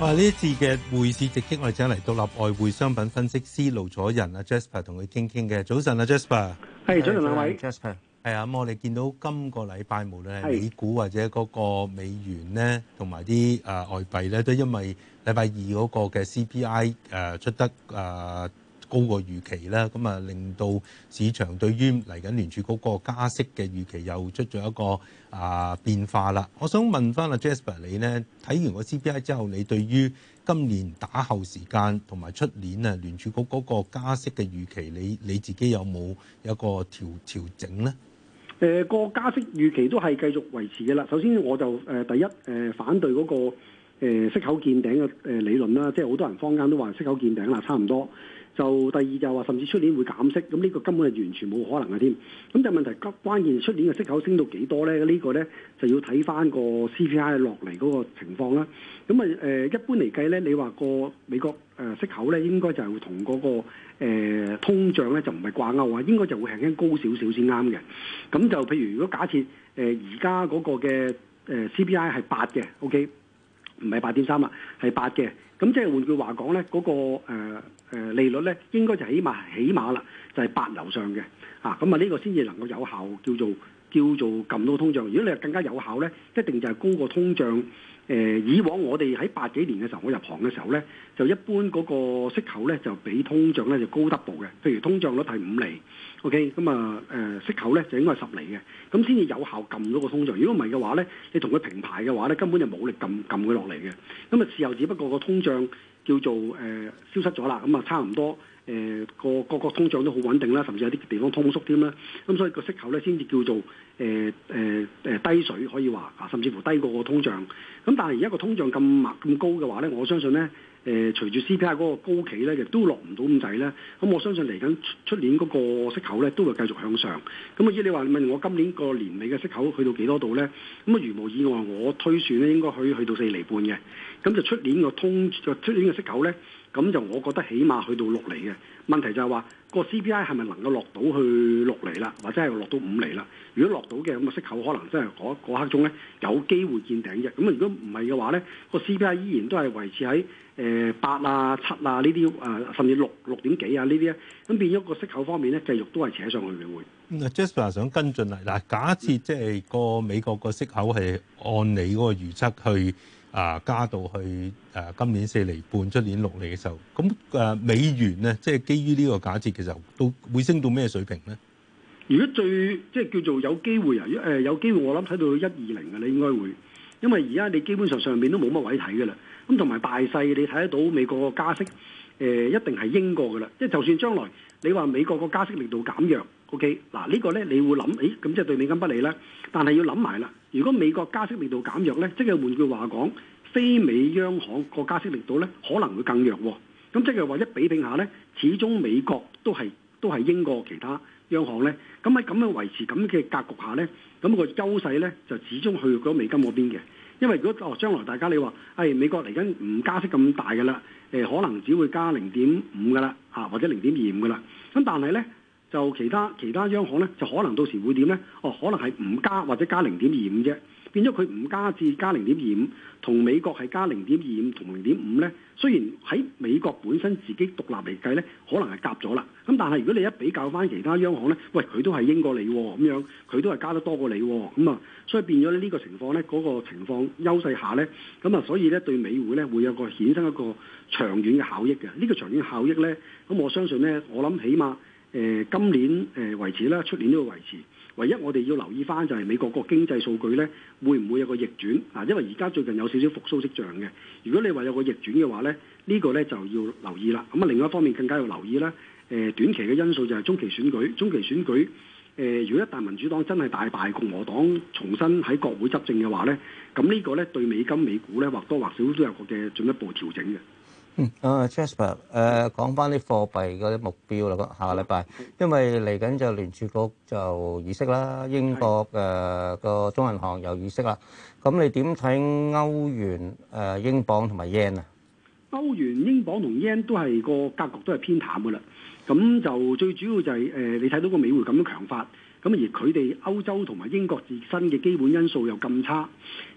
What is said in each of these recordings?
啊！呢一次嘅匯市直擊，我哋請嚟獨立外匯商品分析師盧楚仁啊，Jasper 同佢傾傾嘅。早晨啊，Jasper。係 Jas，早晨兩位。Uh, Jasper。係啊，咁、嗯、我哋見到今個禮拜無論係美股或者嗰個美元咧，同埋啲啊外幣咧，都因為禮拜二嗰個嘅 CPI 誒、呃、出得誒、呃高過預期啦，咁啊令到市場對於嚟緊聯儲局個加息嘅預期又出咗一個啊、呃、變化啦。我想問翻阿 Jasper，你呢睇完個 CPI 之後，你對於今年打後時間同埋出年啊聯儲局嗰個加息嘅預期，你你自己有冇一個調調整呢？誒個、呃、加息預期都係繼續維持嘅啦。首先我就誒、呃、第一誒反對嗰、那個、呃、息口見頂嘅誒理論啦，即係好多人坊間都話息口見頂啦，差唔多。就第二就係話，甚至出年會減息，咁呢個根本係完全冇可能嘅添。咁但係問題關關鍵，出年嘅息口升到幾多咧？這個、呢個咧就要睇翻個 CPI 落嚟嗰個情況啦。咁啊誒，一般嚟計咧，你話個美國誒、呃、息口咧，應該就係會同嗰、那個、呃、通脹咧就唔係掛鈎啊，應該就會輕輕高少少先啱嘅。咁就譬如如果假設誒而家嗰個嘅誒 CPI 係八嘅，OK，唔係八點三呀，係八嘅。咁即係換句話講呢，嗰個誒利率呢應該就起碼起碼啦，就係八樓上嘅，啊，咁啊呢個先至能夠有效叫做叫做撳到通脹。如果你係更加有效呢，一定就係高過通脹。誒、呃、以往我哋喺八幾年嘅時候，我入行嘅時候呢，就一般嗰個息口呢就比通脹呢就高得多嘅。譬如通脹率係五厘。OK，咁啊誒息口咧就應該係十厘嘅，咁先至有效撳到個通脹。如果唔係嘅話咧，你同佢平排嘅話咧，根本就冇力撳撳佢落嚟嘅。咁啊，時候只不過個通脹叫做誒、呃、消失咗啦，咁啊差唔多誒、呃、個個個通脹都好穩定啦，甚至有啲地方通縮添啦。咁所以個息口咧先至叫做誒誒誒低水可以話啊，甚至乎低過個通脹。咁但係而家個通脹咁密咁高嘅話咧，我相信咧。誒隨住 CPI 嗰個高企咧，亦都落唔到咁滯咧。咁我相信嚟緊出年嗰個息口咧，都會繼續向上。咁啊，依你話問我今年個年尾嘅息口去到幾多度咧？咁啊，如無意外，我推算咧應該去去到四厘半嘅。咁就出年個通出年嘅息口咧，咁就我覺得起碼去到六厘嘅。問題就係話，個 CPI 係咪能夠落到去六厘啦，或者係落到五厘啦？如果落到嘅咁、個息口可能真係嗰、嗰個、刻鐘咧有機會見頂嘅。咁如果唔係嘅話咧，個 CPI 依然都係維持喺誒八啊、七啊呢啲啊，甚至六六點幾啊呢啲咧，咁變咗個息口方面咧，繼續都係扯上去嘅會。Jasper、嗯嗯、想跟進嚟，嗱，假設即係個美國個息口係按你嗰個預測去。啊，加到去誒、啊、今年四厘半，出年六厘嘅時候，咁誒、啊、美元咧，即係基於呢個假設嘅時候，都會升到咩水平咧？如果最即係叫做有機會啊，誒、呃、有機會我諗睇到一二零嘅，你應該會，因為而家你基本上上面都冇乜位睇嘅啦。咁同埋大勢你睇得到美國個加息，誒、呃、一定係英國嘅啦。即係就算將來你話美國個加息力度減弱，OK，嗱呢個咧你會諗，誒、哎、咁即係對美金不利啦。但係要諗埋啦。如果美國加息力度減弱呢，即係換句話講，非美央行個加息力度呢可能會更弱喎。咁即係話一比拼一下呢，始終美國都係都係鷹過其他央行呢，咁喺咁樣維持咁嘅格局下呢，咁、個優勢呢就始終去咗美金嗰邊嘅。因為如果哦將來大家你話，係、哎、美國嚟緊唔加息咁大㗎啦，誒，可能只會加零點五㗎啦，嚇或者零點二五㗎啦。咁但係呢。就其他其他央行咧，就可能到時會點咧？哦，可能係唔加或者加零點二五啫，變咗佢唔加至加零點二五，同美國係加零點二五同零點五咧。雖然喺美國本身自己獨立嚟計咧，可能係夾咗啦。咁但係如果你一比較返其他央行咧，喂佢都係鷹過你喎、哦，咁樣佢都係加得多過你喎、哦，咁啊，所以變咗呢個情況咧，嗰、那個情況優勢下咧，咁啊，所以咧對美匯咧會有個衍生一個長遠嘅效益嘅。呢、這個長遠效益咧，咁我相信咧，我諗起碼。誒今年誒維持啦，出年都會維持。唯一我哋要留意翻就係美國個經濟數據咧，會唔會有個逆轉啊？因為而家最近有少少復甦跡象嘅。如果你話有個逆轉嘅話咧，呢個咧就要留意啦。咁啊，另外一方面更加要留意咧，誒短期嘅因素就係中期選舉。中期選舉誒，如果一旦民主黨真係大敗共和黨，重新喺國會執政嘅話咧，咁呢個咧對美金、美股咧或多或少都有個嘅進一步調整嘅。啊、嗯、，Jasper，誒、呃、講翻啲貨幣嗰啲目標啦，下個禮拜，因為嚟緊就聯儲局就議息啦，英國誒個的、呃、中銀行又議息啦，咁、嗯、你點睇歐元、誒、呃、英鎊同埋 yen 啊？歐元、英鎊同 yen 都係個格局都係偏淡噶啦。咁就最主要就係、是、誒、呃、你睇到個美匯咁樣強法。咁而佢哋歐洲同埋英國自身嘅基本因素又咁差，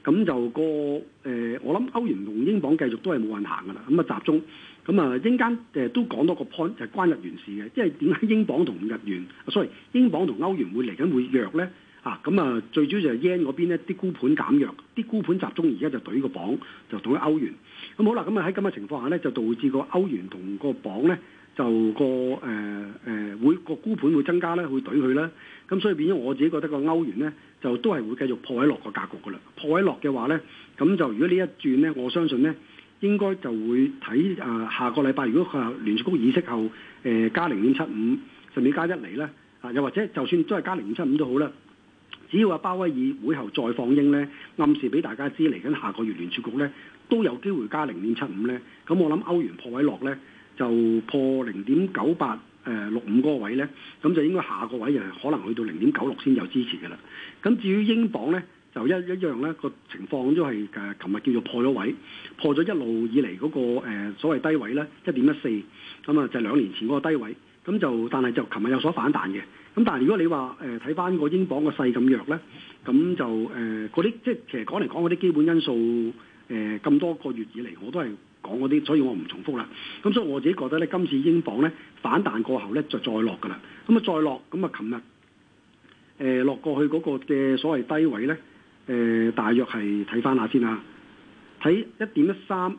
咁就個誒、呃，我諗歐元同英鎊繼續都係冇運行嘅啦。咁、嗯、啊集中，咁啊英間誒都講到個 point 就係關日元事嘅，即係點解英鎊同日元，sorry，、啊、英鎊同歐元會嚟緊會弱咧？啊，咁啊最主要就係 yen 嗰邊咧，啲沽盤減弱，啲沽盤集中而家就對個鎊，就對歐元。咁、嗯、好啦，咁啊喺咁嘅情況下咧，就導致個歐元同個鎊咧。就個誒誒、呃、會個沽盤會增加咧，會懟佢咧。咁所以變咗我自己覺得個歐元咧，就都係會繼續破位落個格局噶啦。破位落嘅話咧，咁就如果一呢一轉咧，我相信咧，應該就會睇啊、呃、下個禮拜，如果佢聯儲局議息後誒、呃、加零點七五，甚至加一釐咧，啊又或者就算都係加零點七五都好啦。只要阿鮑威爾會後再放鷹咧，暗示俾大家知嚟緊下，下個月聯儲局咧都有機會加零點七五咧。咁我諗歐元破位落咧。就破零點九八誒六五嗰個位咧，咁就應該下個位誒，可能去到零點九六先有支持嘅啦。咁至於英鎊咧，就一一樣咧個情況都係誒，琴日叫做破咗位，破咗一路以嚟嗰、個、呃、所謂低位咧一點一四，咁啊就、就係、兩年前嗰個低位，咁就但係就琴日有所反彈嘅。咁但係如果你話誒睇返個英鎊個勢咁弱咧，咁就誒嗰啲即係其實講嚟講嗰啲基本因素誒咁、呃、多個月以嚟我都係。講嗰啲，所以我唔重複啦。咁所以我自己覺得咧，今次英鎊咧反彈過後咧，就再落㗎啦。咁啊再落，咁啊琴日誒落過去嗰個嘅所謂低位咧，誒、呃、大約係睇翻下先啦。睇一點一三誒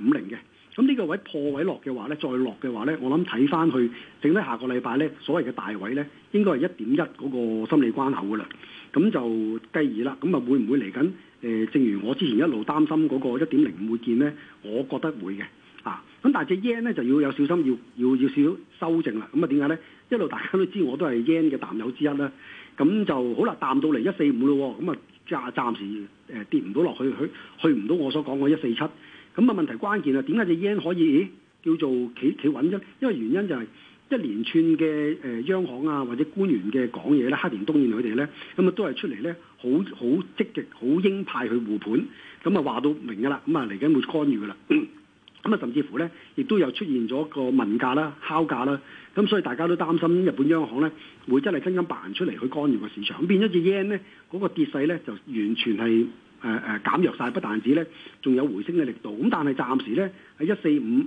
五零嘅，咁呢個位破位落嘅話咧，再落嘅話咧，我諗睇翻去，剩低下個禮拜咧，所謂嘅大位咧，應該係一點一嗰個心理關口㗎啦。咁就繼而啦，咁啊會唔會嚟緊？誒、呃，正如我之前一路擔心嗰個一點零五會見呢，我覺得會嘅，啊，咁但係隻 yen 咧就要有小心，要要要少少修正啦。咁啊點解呢？一路大家都知我都係 yen 嘅淡友之一啦。咁就好啦，淡到嚟一四五咯，咁啊暫暫時誒跌唔到落去，去去唔到我所講嗰一四七。咁啊問題關鍵啊，點解隻 yen 可以、欸、叫做企企穩咗？因為原因就係、是。一連串嘅誒央行啊，或者官員嘅講嘢咧，黑田東彥佢哋咧，咁啊都係出嚟咧，好好積極、好鷹派去護盤，咁啊話到明噶啦，咁啊嚟緊會干預噶啦，咁啊甚至乎咧，亦都有出現咗個問價啦、敲價啦，咁所以大家都擔心日本央行咧會真係真金白銀出嚟去干預個市場，咁變咗隻 yen 咧嗰個跌勢咧就完全係誒誒減弱晒，不但止咧仲有回升嘅力度，咁但係暫時咧喺一四五。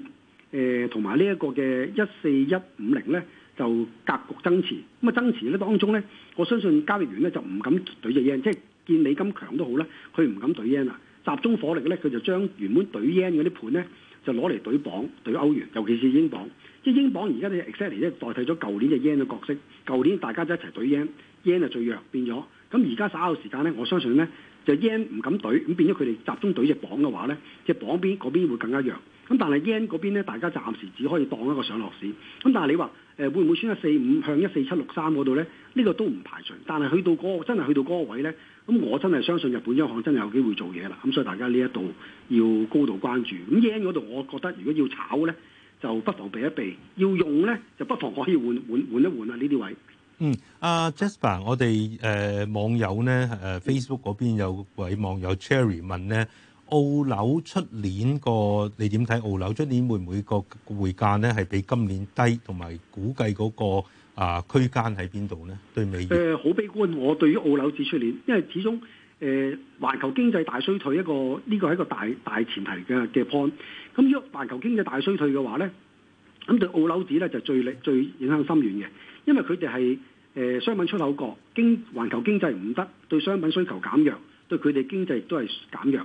誒同埋呢一個嘅一四一五零咧就格局增持，咁、嗯、啊增持咧當中咧，我相信交易員咧就唔敢賭隻 yen，即係見你咁強都好咧，佢唔敢賭 yen 啊，集中火力咧佢就將原本賭 yen 嗰啲盤咧就攞嚟賭磅賭歐元，尤其是英磅，即係英磅而家咧 exactly 代替咗舊年嘅 yen 嘅角色，舊年大家就一齊賭 yen，yen 就最弱變咗，咁而家稍後時間咧，我相信咧就 yen 唔敢賭，咁變咗佢哋集中賭隻磅嘅話咧，即係磅邊嗰邊會更加弱。咁但係 yen 嗰邊咧，大家暫時只可以當一個上落市。咁但係你話誒會唔會穿一四五向一四七六三嗰度咧？呢、這個都唔排除。但係去到嗰、那個真係去到嗰個位咧，咁我真係相信日本央行真係有機會做嘢啦。咁所以大家呢一度要高度關注。咁 yen 嗰度，我覺得如果要炒咧，就不妨避一避；要用咧，就不妨可以換換換一換啦、啊。呢啲位。嗯，阿、uh, Jasper，我哋誒、uh, 網友咧誒、uh, Facebook 嗰邊有位網友 Cherry 問咧。澳紐出年，你年個你點睇？澳紐出年會唔會個匯價呢？係比今年低，同埋估計嗰個啊區間喺邊度呢？對美元好、呃、悲觀。我對於澳紐指出年，因為始終誒環、呃、球經濟大衰退一個呢個係一個大大前提嘅嘅 point。咁、嗯、如果環球經濟大衰退嘅話呢，咁對澳紐指呢，就最力最影響深遠嘅，因為佢哋係誒商品出口國，經環球經濟唔得，對商品需求減弱，對佢哋經濟都係減弱。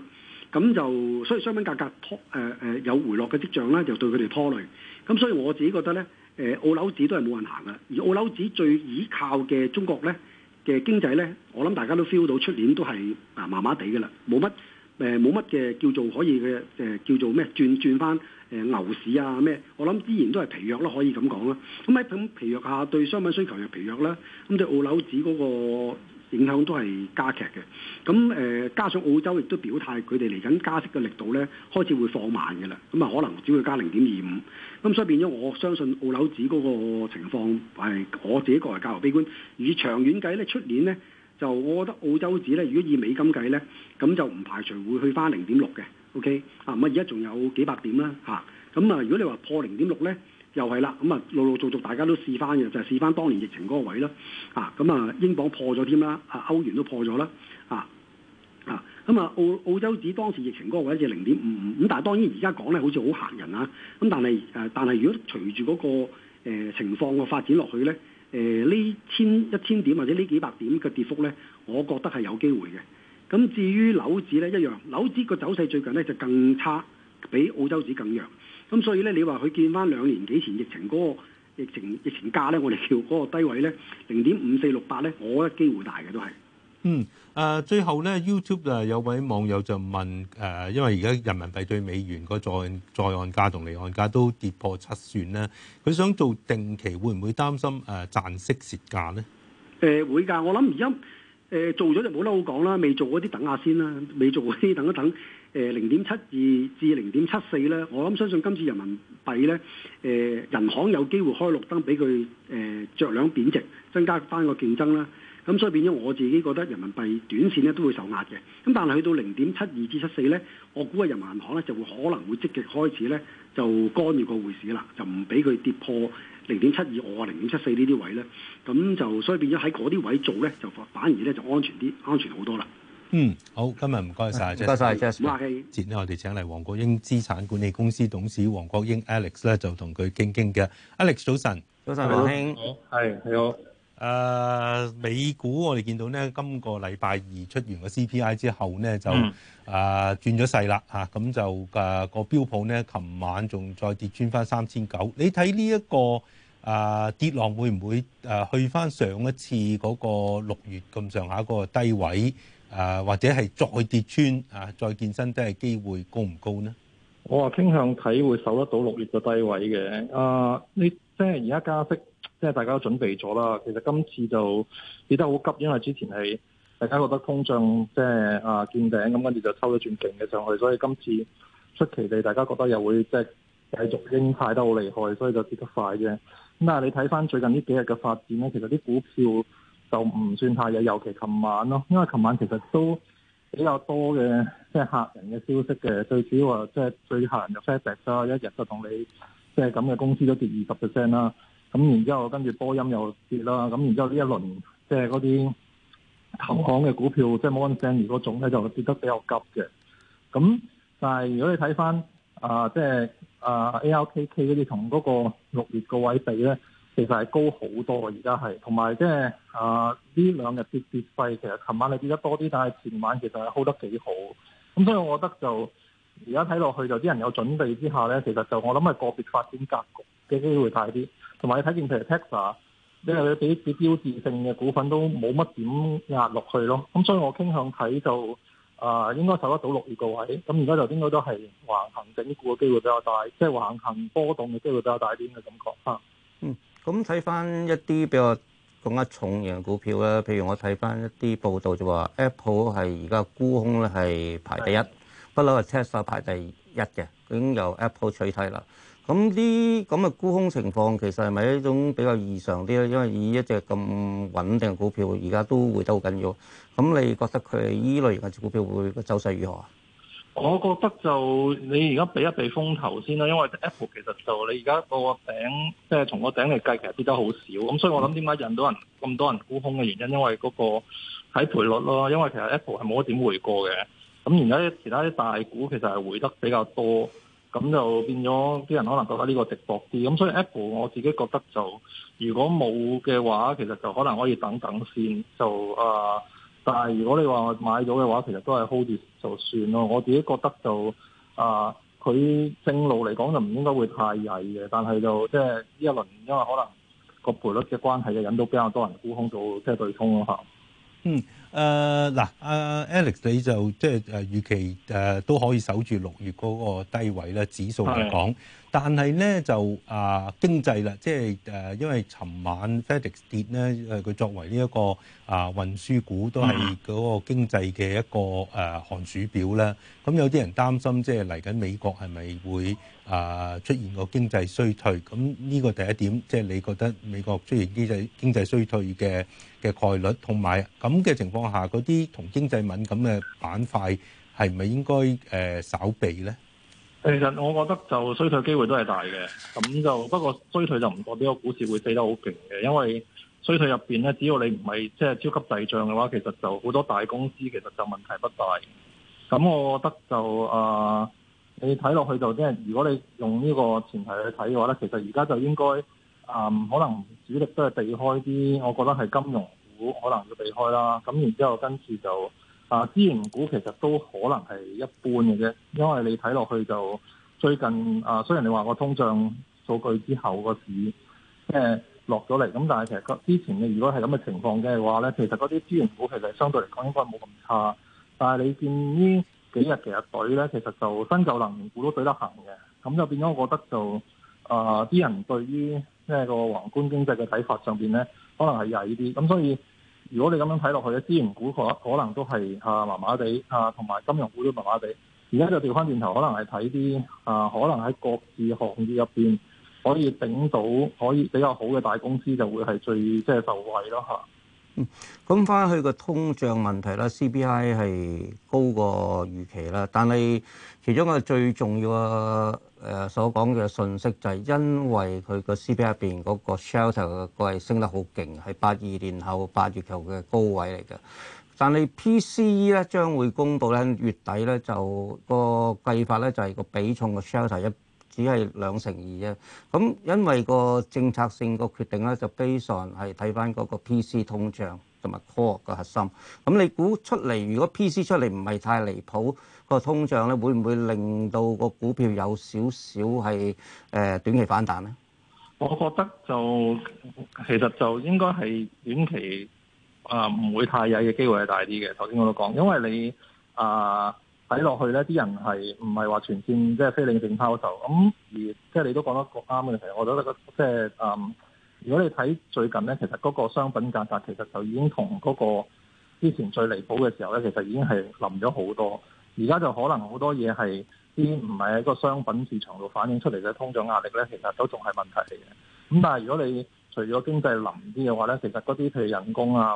咁就所以商品價格，格拖誒誒、呃呃、有回落嘅跡象咧，就對佢哋拖累。咁所以我自己覺得咧，誒、呃、澳紐紙都係冇人行啦。而澳紐紙最倚靠嘅中國咧嘅經濟咧，我諗大家都 feel 到出年都係啊麻麻地嘅啦，冇乜誒冇乜嘅叫做可以嘅誒叫做咩轉轉翻誒牛市啊咩？我諗依然都係疲弱咯，可以咁講啦。咁喺咁疲弱下，對商品需求又疲弱啦，咁對澳紐紙嗰個影響都係加劇嘅，咁誒、呃、加上澳洲亦都表態，佢哋嚟緊加息嘅力度呢，開始會放慢嘅啦，咁啊可能只會加零點二五，咁所以變咗我相信澳樓指嗰個情況係我自己個人較為悲觀，以長遠計呢，出年呢，就我覺得澳洲指呢，如果以美金計呢，咁就唔排除會去返零點六嘅，OK，啊咁啊而家仲有幾百點啦吓，咁啊如果你話破零點六呢？又係啦，咁、嗯、啊，陸陸續續大家都試翻嘅，就係、是、試翻當年疫情嗰個位啦，啊，咁啊，英鎊破咗添啦，啊，歐元都破咗啦，啊啊，咁啊，澳澳洲指當時疫情嗰個位只係零點五五，咁但係當然而家講咧，好似好嚇人啊。咁但係誒、啊，但係如果隨住嗰、那個、呃、情況嘅發展落去咧，誒、呃、呢千一千點或者呢幾百點嘅跌幅咧，我覺得係有機會嘅。咁、啊、至於樓指咧一樣，樓指個走勢最近咧就更差。比澳洲市更弱，咁所以咧，你話佢見翻兩年幾前疫情嗰個疫情疫情價咧，我哋叫嗰個低位咧，零點五四六八咧，我覺得機會大嘅都係。嗯，誒、呃、最後咧，YouTube 誒有位網友就問誒、呃，因為而家人民幣對美元個在在岸價同離岸價都跌破七算咧，佢想做定期會唔會擔心誒賺息蝕價呢？誒、呃、會㗎，我諗而家誒做咗就冇得好講啦，未做嗰啲等下先啦，未做嗰啲等，等一等。誒零點七二至零點七四咧，我諗相信今次人民幣咧，誒、呃、人行有機會開綠燈，俾佢誒酌量貶值，增加翻個競爭啦。咁、啊、所以變咗我自己覺得人民幣短線咧都會受壓嘅。咁但係去到零點七二至七四咧，我估啊人民銀行咧就會可能會積極開始咧就干預個匯市啦，就唔俾佢跌破零點七二我或零點七四呢啲位咧。咁就所以變咗喺嗰啲位做咧，就反而咧就安全啲，安全好多啦。嗯，好，今日唔該曬，多謝曬，Jack。華氣節，我哋請嚟黃國英資產管理公司董事黃國英 Alex 咧，就同佢傾傾嘅。Alex 早晨，早晨，黃兄，係，你好。誒，美股我哋見到咧，今個禮拜二出完個 CPI 之後咧，就誒、嗯啊、轉咗勢啦嚇。咁就誒個、啊、標普咧，琴晚仲再跌穿翻三千九。你睇呢一個誒跌浪會唔會誒去翻上一次嗰個六月咁上下嗰個低位？啊，或者係再跌穿啊，再見新低嘅機會高唔高呢？我話傾向睇會守得到六月嘅低位嘅。啊，呢即係而家加息，即係大家都準備咗啦。其實今次就跌得好急，因為之前係大家覺得通脹即係啊見頂，咁跟住就抽咗轉勁嘅上去，所以今次出奇地大家覺得又會即係、就是、繼續鷹派得好厲害，所以就跌得快啫。咁但係，你睇翻最近呢幾日嘅發展咧，其實啲股票，就唔算太弱，尤其琴晚咯，因為琴晚其實都比較多嘅即係客人嘅消息嘅，最主要啊即係最客人就 setback 啦，一日就同你即係咁嘅公司都跌二十 percent 啦，咁然之後跟住波音又跌啦，咁然之後呢一輪即係嗰啲投行嘅股票，即係冇咁 monster 嗰種咧就跌得比較急嘅，咁但係如果你睇翻啊即係啊 alkk 嗰啲同嗰個六月個位比咧。其實係高好多，而家係同埋即係啊呢兩日跌跌勢，呃、其實琴晚你跌得多啲，但係前晚其實係好得幾好。咁所以我覺得就而家睇落去就啲人有準備之下呢，其實就我諗係個別發展格局嘅機會大啲。同埋你睇見譬如 Tesla，即係你啲啲標誌性嘅股份都冇乜點壓落去咯。咁所以我傾向睇就啊、呃、應該受得到六月個位。咁而家就應該都係橫行整股嘅機會比較大，即係橫行波動嘅機會比較大啲嘅感覺嚇，嗯。咁睇翻一啲比較更加重型嘅股票啦，譬如我睇翻一啲報道就話，Apple 係而家沽空咧係排第一，不嬲係 Tesla 排第一嘅，已經由 Apple 取替啦。咁呢咁嘅沽空情況其實係咪一種比較異常啲咧？因為以一隻咁穩定嘅股票，而家都會都好緊要。咁你覺得佢依類型嘅股票會個走勢如何？我覺得就你而家避一避風頭先啦，因為 Apple 其實就你而家個頂，即係從個頂嚟計，其實跌得好少。咁所以我諗點解引到人咁多人沽空嘅原因，因為嗰個睇賠率咯。因為其實 Apple 係冇一點回過嘅，咁而家其他啲大股其實係回得比較多，咁就變咗啲人可能覺得呢個值博啲。咁所以 Apple 我自己覺得就如果冇嘅話，其實就可能可以等等先，就啊。呃但係如果你話買咗嘅話，其實都係 hold 住就算咯。我自己覺得就啊、佢、呃、正路嚟講就唔應該會太曳嘅。但係就即係呢一輪，因為可能個賠率嘅關係，就引到比較多人沽空到即係對沖咯吓。嗯。誒嗱，阿、uh, uh, Alex 你就即係誒預期誒都可以守住六月嗰個低位咧，指數嚟講。Yes. 但係咧就啊、uh, 經濟啦，即係誒因為尋晚 FedEx 跌咧，誒佢作為呢、這、一個啊、uh, 運輸股都係嗰個經濟嘅一個誒寒暑表啦。咁 Yes.、嗯、有啲人擔心即係嚟緊美國係咪會，啊！出現個經濟衰退，咁呢個第一點，即係你覺得美國出現經濟經濟衰退嘅嘅概率，同埋咁嘅情況下，嗰啲同經濟敏感嘅板塊係咪應該誒稍避呢？其實我覺得就衰退機會都係大嘅，咁就不過衰退就唔代表個股市會死得好勁嘅，因為衰退入邊咧，只要你唔係即係超級滯脹嘅話，其實就好多大公司其實就問題不大。咁我覺得就啊。你睇落去就即係，如果你用呢個前提去睇嘅話咧，其實而家就應該啊、呃，可能主力都係避開啲，我覺得係金融股可能要避開啦。咁然之後跟住就啊，資源股其實都可能係一般嘅啫，因為你睇落去就最近啊，雖然你話個通脹數據之後個市即係落咗嚟，咁、呃、但係其實之前你如果係咁嘅情況嘅話咧，其實嗰啲資源股其實相對嚟講應該冇咁差，但係你見於幾日其實對咧，其實就新舊能源股都對得行嘅，咁就變咗我覺得就啊啲、呃、人對於即係個宏觀經濟嘅睇法上邊咧，可能係矮啲。咁所以如果你咁樣睇落去咧，資源股可可能都係啊麻麻地啊，同埋金融股都麻麻地，而家就調翻轉頭，可能係睇啲啊可能喺各自行業入邊可以頂到可以比較好嘅大公司就，就會係最即係受惠咯嚇。啊。咁翻去個通脹問題啦，CPI 係高過預期啦。但係其中嘅最重要嘅誒、呃、所講嘅信息就係因為佢 CP 個 CPI 入邊嗰個 shelter 個係升得好勁，係八二年後八月後嘅高位嚟嘅。但係 PCE 咧將會公布咧月底咧就、那個計法咧就係個比重個 shelter 一，只係兩成二啫，咁因為個政策性個決定咧，就非常係睇翻嗰個 P C 通脹同埋 core 嘅核心。咁你估出嚟，如果 P C 出嚟唔係太離譜，個通脹咧會唔會令到個股票有少少係誒短期反彈咧？我覺得就其實就應該係短期啊，唔、呃、會太有嘅機會係大啲嘅。頭先我都講，因為你啊。呃睇落去咧，啲人係唔係話全線即係非理性拋售？咁而即係你都講得啱嘅，其實我覺得即係嗯，如果你睇最近咧，其實嗰個商品價格,格其實就已經同嗰個之前最離譜嘅時候咧，其實已經係冧咗好多。而家就可能好多嘢係啲唔係喺個商品市場度反映出嚟嘅通脹壓力咧，其實都仲係問題嚟嘅。咁但係如果你除咗經濟冧啲嘅話咧，其實嗰啲譬如人工啊、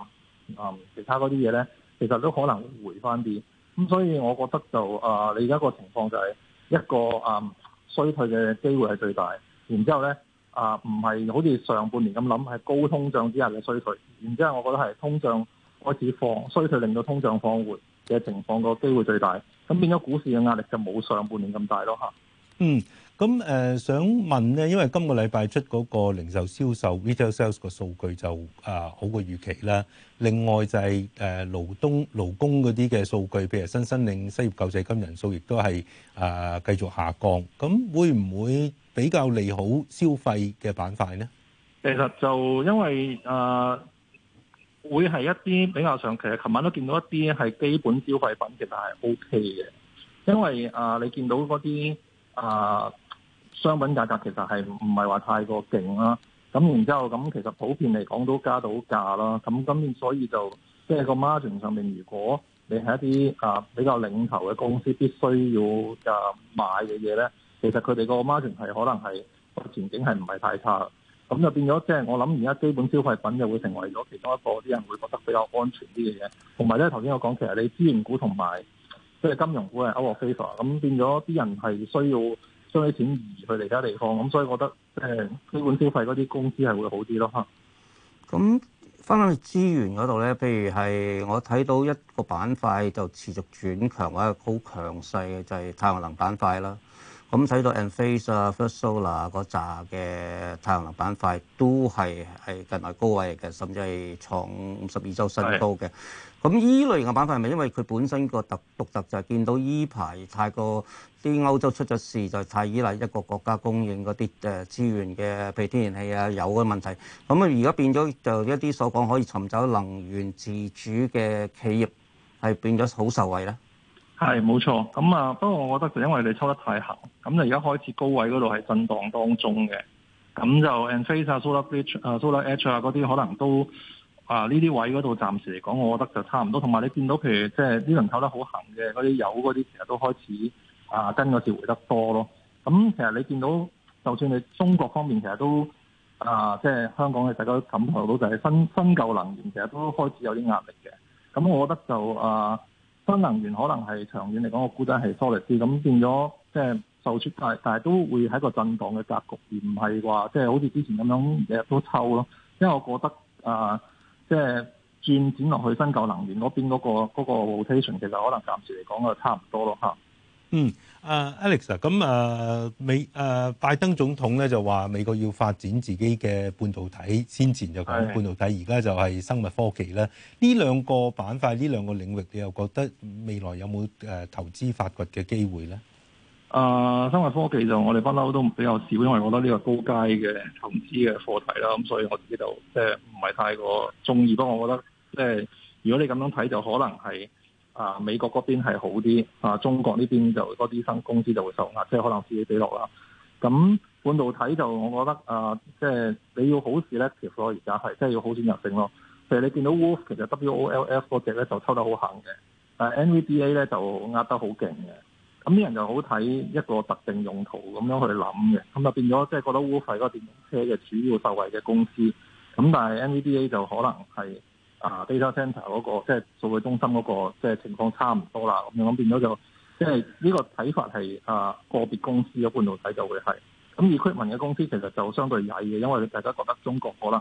嗯其他嗰啲嘢咧，其實都可能回翻啲。咁所以，我覺得就啊，你而家個情況就係一個啊衰退嘅機會係最大。然之後咧啊，唔係好似上半年咁諗，係高通脹之下嘅衰退。然之後我覺得係通脹開始放衰退，令到通脹放緩嘅情況個機會最大。咁變咗股市嘅壓力就冇上半年咁大咯嚇。嗯。咁誒想問咧，因為今個禮拜出嗰個零售銷售 （Retail Sales） 個數據就啊好過預期啦。另外就係誒勞動、勞工嗰啲嘅數據，譬如新申領失業救濟金人數，亦都係啊繼續下降。咁會唔會比較利好消費嘅板塊咧？其實就因為啊，會係一啲比較上，其實琴晚都見到一啲係基本消費品其實，係 OK 嘅。因為啊，你見到嗰啲啊～商品價格其實係唔係話太過勁啦、啊，咁然之後咁其實普遍嚟講都加到價啦。咁今年所以就即係、就是、個 margin 上面，如果你係一啲啊比較領頭嘅公司，必須要啊買嘅嘢咧，其實佢哋個 margin 係可能係個前景係唔係太差。咁就變咗即係我諗，而家基本消費品就會成為咗其中一個啲人會覺得比較安全啲嘅嘢。同埋咧，頭先我講其實你資源股同埋即係金融股係 out o v o r 咁變咗啲人係需要。將啲錢移去其他地方，咁所以我覺得誒基本消費嗰啲公司係會好啲咯。咁翻去資源嗰度咧，譬如係我睇到一個板塊就持續轉強或者好強勢嘅，就係太陽能板塊啦。咁睇到 Enphase 啊、First Solar 嗰扎嘅太陽能板塊都係係近來高位嘅，甚至係創五十二周新高嘅。咁依類型嘅板塊係咪因為佢本身個特獨特就係見到依排太過啲歐洲出咗事，就太依賴一個國家供應嗰啲誒資源嘅，譬如天然氣啊、油嘅問題。咁啊，而家變咗就一啲所講可以尋找能源自主嘅企業係變咗好受惠咧。係冇錯。咁啊，不過我覺得就因為你抽得太行，咁就而家開始高位嗰度係震盪當中嘅。咁就 Enphase 啊、SolarEdge 啊、SolarH 啊嗰啲可能都。啊！呢啲位嗰度暫時嚟講，我覺得就差唔多。同埋你見到，譬如即係呢輪抽得好行嘅嗰啲油嗰啲，其實都開始啊跟嗰時回得多咯。咁、嗯、其實你見到，就算你中國方面其實都啊，即、就、係、是、香港嘅大家都感受到就係新新舊能源其實都開始有啲壓力嘅。咁、嗯、我覺得就啊，新能源可能係長遠嚟講我估計係 solid 咁、嗯、變咗即係受出大但但係都會喺個震盪嘅格局，而唔係話即係好似之前咁樣日日都抽咯。因為我覺得啊～即係轉轉落去新舊能源嗰邊嗰、嗰個嗰、嗰個 rotation，其實可能暫時嚟講、嗯 uh, 啊，差唔多咯吓。嗯，誒，Alex 啊咁啊美誒拜登總統咧就話美國要發展自己嘅半導體，先前就講半導體，而家就係的生物科技咧，呢兩個板塊，呢兩個領域，你又覺得未來有冇誒投資發掘嘅機會咧？啊，uh, 生物科技就我哋不嬲都比較少，因為我覺得呢個高階嘅投資嘅課題啦，咁所以我自己就即係唔係太過中意。不過我覺得即係、呃、如果你咁樣睇，就可能係啊、呃、美國嗰邊係好啲，啊、呃、中國呢邊就嗰啲新公司就會受壓，即係可能自己畀落啦。咁半導體就我覺得啊、呃，即係你要好市咧，其實而家係即係要好選擇性咯。譬如你見到 Wolf，其實 WOLF 嗰隻咧就抽得好狠嘅，但 NVDA 咧就壓得好勁嘅。咁啲人就好睇一個特定用途咁樣去諗嘅，咁就變咗即係覺得污費嗰個電動車嘅主要受惠嘅公司，咁但係 NVDA 就可能係啊 data centre 嗰、那個即係、就是、數據中心嗰、那個即係、就是、情況差唔多啦咁樣，咁變咗就即係呢個睇法係啊個別公司嘅半導體就會係，咁 Equin 嘅公司其實就相對曳嘅，因為大家覺得中國可能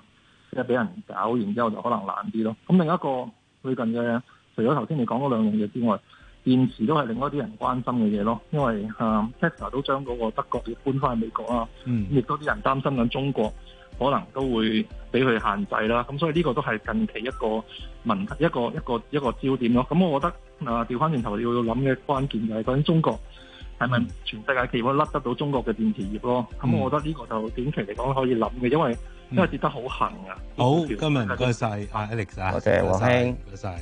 即係俾人搞完之後就可能難啲咯。咁另一個最近嘅，除咗頭先你講嗰兩樣嘢之外。電池都係另外一啲人關心嘅嘢咯，因為啊 Tesla 都將嗰個德國要搬翻去美國啊，咁亦都啲人擔心緊中國可能都會俾佢限制啦，咁所以呢個都係近期一個問題，一個一個一個焦點咯。咁我覺得啊，調翻轉頭要諗嘅關鍵就係究竟中國係咪全世界企業都甩得到中國嘅電池業咯？咁我覺得呢個就短期嚟講可以諗嘅，因為因為跌得好狠啊！好，今日唔該曬，Alex 啊，多謝黃兄，唔該曬。